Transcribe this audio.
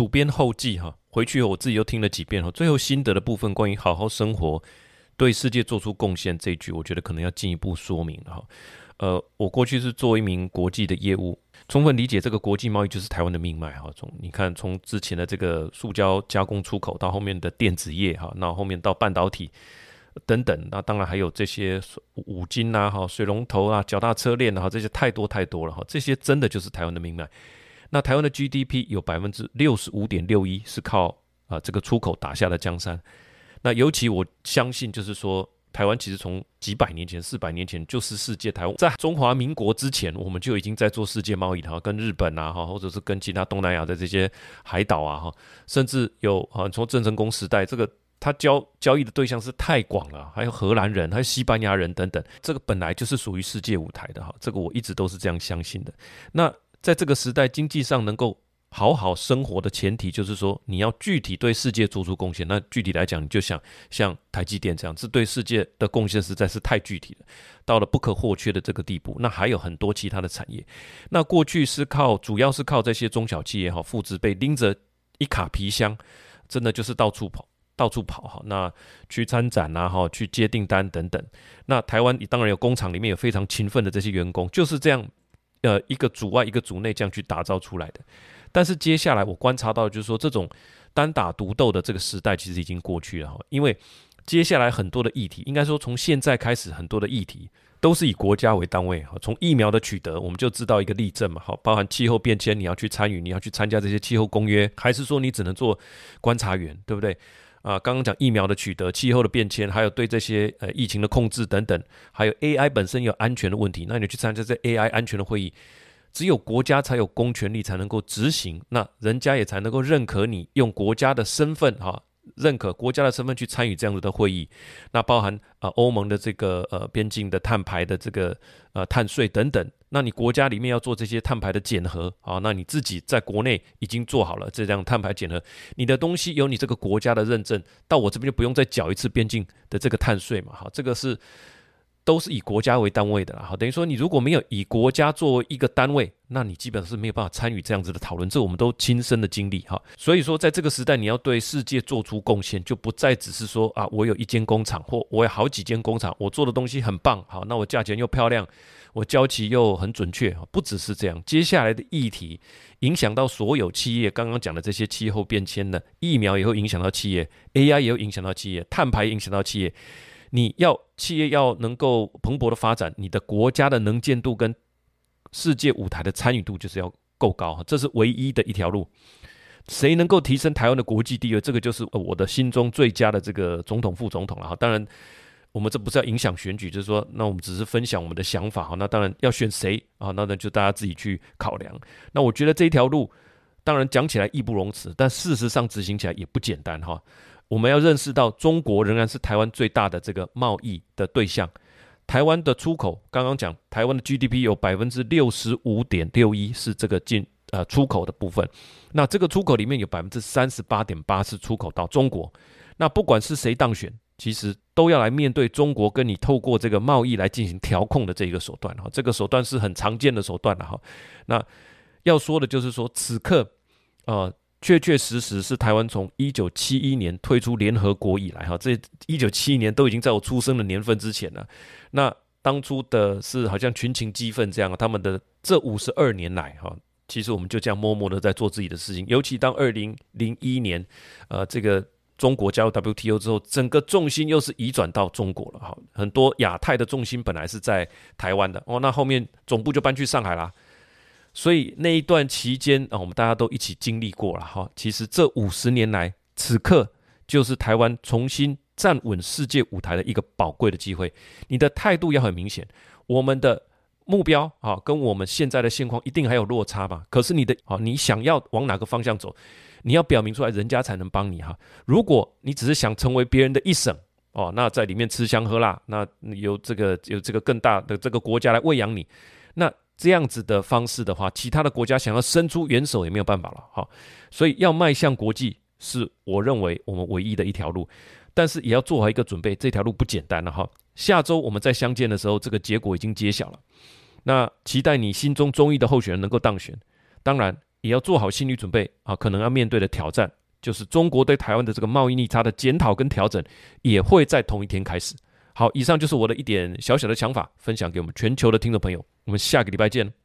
主編後記哈，回去我自己又聽了幾遍哈，最後心得的部分，關於好好生活，對世界做出貢獻這一句，我覺得可能要進一步說明哈。呃，我過去是做一名國際的業務，充分理解這個國際貿易就是台灣的命脈哈。從你看從之前的這個塑膠加工出口到後面的電子業哈，那後面到半導體等等，那當然還有這些五金啊哈，水龍頭啊，腳踏車鏈啊哈，這些太多太多了哈，這些真的就是台灣的命脈。那台灣的 GDP 有百分之六十五點六一，是靠啊這個出口打下的江山。那尤其我相信，就是說台灣其實從幾百年前、四百年前就是世界台灣，在中華民國之前，我們就已經在做世界貿易的哈，跟日本啊哈，或者是跟其他東南亞的這些海島啊哈，甚至有啊從鄭成功時代，這個他交交易的對象是太廣了，還有荷蘭人、還有西班牙人等等，這個本來就是屬於世界舞臺的哈，這個我一直都是這樣相信的。那在這個時代，經濟上能夠好好生活的前提，就是說你要具體對世界做出貢獻。那具體來講，你就想像，像台積電這樣，這對世界的貢獻實在是太具體了，到了不可或缺的這個地步。那還有很多其他的產業，那過去是靠，主要是靠這些中小企業也好，父執輩拎着一卡皮箱，真的就是到處跑，到處跑哈。那去參展啊，哈，去接訂單等等。那台灣當然有工廠，裡面有非常勤奮的這些員工，就是這樣。呃，一個組外，一個組內這樣去打造出來的。但是接下來我觀察到，就是說這種單打獨鬥的這個時代其實已經過去了哈。因為接下來很多的議題，應該說從現在開始，很多的議題都是以國家為單位哈。從疫苗的取得，我們就知道一個例證嘛，好，包含氣候變遷，你要去參與，你要去參加這些氣候公約，還是說你只能做觀察員，對不對？啊，剛剛講疫苗的取得、氣候的變遷，還有對這些呃疫情的控制等等，還有 AI 本身有安全的問題。那你去參加這 AI 安全的會議，只有國家才有公權力才能夠執行，那人家也才能夠認可你用國家的身份哈。認可國家的身份去參與這樣子的會議，那包含啊歐盟的這個呃邊境的碳排的這個呃碳稅等等，那你國家裡面要做這些碳排的檢核啊，那你自己在國內已經做好了這樣的碳排檢核，你的東西有你這個國家的認證，到我這邊就不用再繳一次邊境的這個碳稅嘛，好，這個是。都是以國家為單位的啦，哈，等於說你如果沒有以國家作為一個單位，那你基本上是沒有辦法參與這樣子的討論，這我們都親身的經歷，哈。所以說，在這個時代，你要對世界做出貢獻，就不再只是說啊，我有一間工廠或我有好幾間工廠，我做的東西很棒，好，那我價錢又漂亮，我交期又很準確，不只是這樣。接下來的議題影響到所有企業，剛剛講的這些氣候變遷的疫苗也會影響到企業，AI 也會影響到企業，碳排也影響到企業。你要企業要能夠蓬勃的發展，你的國家的能見度跟世界舞台的參與度就是要夠高哈，這是唯一的一條路。誰能夠提升台灣的國際地位，這個就是我的心中最佳的這個總統、副總統了哈。當然，我們這不是要影響選舉，就是說，那我們只是分享我們的想法哈、啊。那當然要選誰啊？那那就大家自己去考量。那我覺得這一條路，當然講起來義不容辭，但事實上執行起來也不簡單哈、啊。我們要認識到，中國仍然是台灣最大的這個貿易的對象。台灣的出口，剛剛講，台灣的 GDP 有百分之六十五點六一，是這個進呃出口的部分。那這個出口裡面有百分之三十八點八是出口到中國。那不管是誰當選，其實都要來面對中國跟你透過這個貿易來進行調控的這一個手段哈。這個手段是很常見的手段了哈。那要說的就是說，此刻，呃。確確實實是台灣從一九七一年退出聯合國以來，哈，這一九七一年都已經在我出生的年份之前了。那當初的是好像群情激憤這樣，他們的這五十二年來，哈，其實我們就這樣默默的在做自己的事情。尤其當二零零一年，呃，這個中國加入 WTO 之後，整個重心又是移轉到中國了，哈，很多亞太的重心本來是在台灣的，哦，那後面總部就搬去上海啦。所以那一段期間啊，我們大家都一起經歷過了哈。其實這五十年來，此刻就是台灣重新站穩世界舞台的一個寶貴的機會。你的態度要很明顯。我們的目標啊，跟我們現在的現況一定還有落差吧？可是你的啊，你想要往哪個方向走，你要表明出來，人家才能幫你哈。如果你只是想成為別人的一省哦，那在裡面吃香喝辣，那有這個有這個更大的這個國家來餵養你，那。這樣子的方式的話，其他的國家想要伸出援手也沒有辦法了哈。所以要邁向國際，是我認為我們唯一的一條路，但是也要做好一個準備，這條路不簡單了哈。下周我們再相見的時候，這個結果已經揭曉了。那期待你心中中意的候選人能夠當選，當然也要做好心理準備啊，可能要面對的挑戰就是中國對台灣的這個貿易逆差的檢討跟調整，也會在同一天開始。好，以上就是我的一點小小的想法，分享給我們全球的聽眾朋友。我們下個禮拜見。